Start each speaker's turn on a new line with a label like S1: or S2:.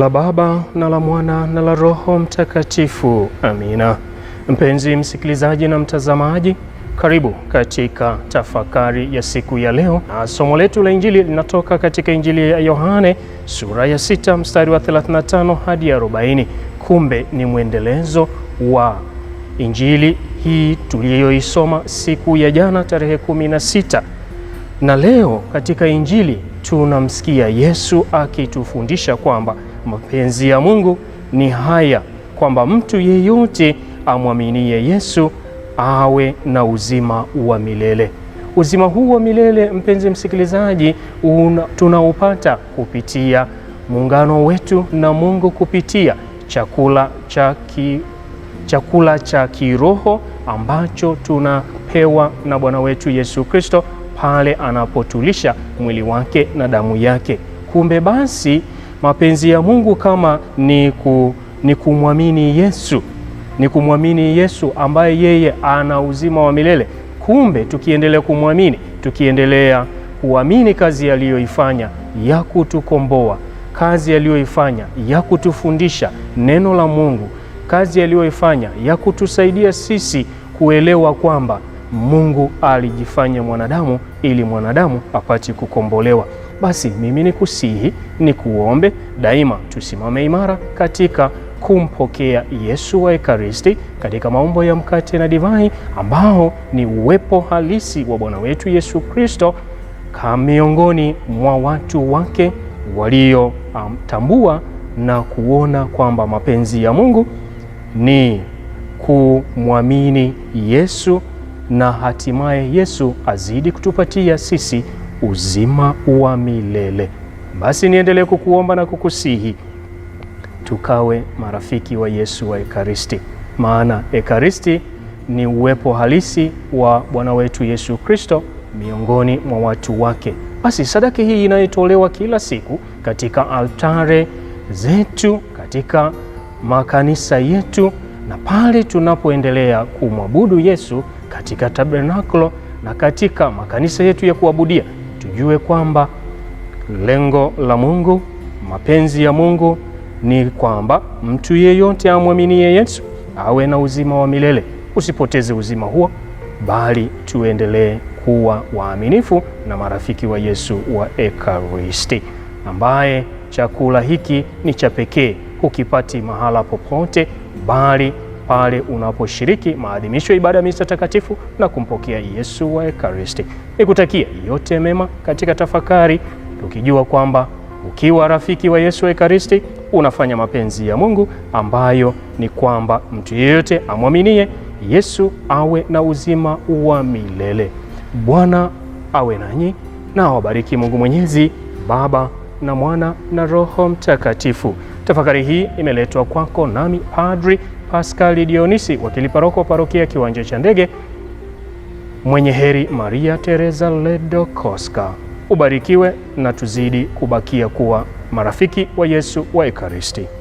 S1: La Baba na la Mwana na la Roho Mtakatifu. Amina. Mpenzi msikilizaji na mtazamaji, karibu katika tafakari ya siku ya leo, na somo letu la Injili linatoka katika Injili ya Yohane sura ya 6 mstari wa 35 hadi 40. Kumbe ni mwendelezo wa Injili hii tuliyoisoma siku ya jana tarehe 16, na leo katika Injili tunamsikia Yesu akitufundisha kwamba Mapenzi ya Mungu ni haya kwamba mtu yeyote amwaminie Yesu awe na uzima wa milele. Uzima huu wa milele, mpenzi msikilizaji, tunaupata kupitia muungano wetu na Mungu kupitia chakula cha ki, chakula cha kiroho ambacho tunapewa na Bwana wetu Yesu Kristo pale anapotulisha mwili wake na damu yake. Kumbe basi Mapenzi ya Mungu kama ni, ku, ni kumwamini Yesu, ni kumwamini Yesu ambaye yeye ana uzima wa milele. Kumbe tukiendelea kumwamini, tukiendelea kuamini kazi aliyoifanya ya, kutukomboa, kazi aliyoifanya ya, kutufundisha neno la Mungu, kazi aliyoifanya ya, ya kutusaidia sisi kuelewa kwamba Mungu alijifanya mwanadamu ili mwanadamu apate kukombolewa basi mimi ni kusihi ni kuombe daima tusimame imara katika kumpokea Yesu wa Ekaristi katika maumbo ya mkate na divai, ambao ni uwepo halisi wa Bwana wetu Yesu Kristo miongoni mwa watu wake waliotambua um, na kuona kwamba mapenzi ya Mungu ni kumwamini Yesu na hatimaye Yesu azidi kutupatia sisi uzima wa milele. Basi niendelee kukuomba na kukusihi tukawe marafiki wa Yesu wa Ekaristi, maana Ekaristi ni uwepo halisi wa Bwana wetu Yesu Kristo miongoni mwa watu wake. Basi sadaka hii inayotolewa kila siku katika altare zetu, katika makanisa yetu, na pale tunapoendelea kumwabudu Yesu katika tabernakulo na katika makanisa yetu ya kuabudia tujue kwamba lengo la Mungu, mapenzi ya Mungu ni kwamba mtu yeyote amwaminie Yesu awe na uzima wa milele. Usipoteze uzima huo, bali tuendelee kuwa waaminifu na marafiki wa Yesu wa Ekaristi, ambaye chakula hiki ni cha pekee, hukipati mahala popote, bali pale unaposhiriki maadhimisho ya ibada ya misa takatifu na kumpokea Yesu wa Ekaristi. Nikutakia yote mema katika tafakari, tukijua kwamba ukiwa rafiki wa Yesu wa Ekaristi unafanya mapenzi ya Mungu ambayo ni kwamba mtu yeyote amwaminie Yesu awe na uzima wa milele. Bwana awe nanyi na awabariki Mungu Mwenyezi, Baba na Mwana na Roho Mtakatifu. Tafakari hii imeletwa kwako nami Padri Paskali Dionisi, wakili paroko wa parokia kiwanja cha ndege, mwenye heri Maria Teresa Ledo Koska. Ubarikiwe na tuzidi kubakia kuwa marafiki wa Yesu wa Ekaristi.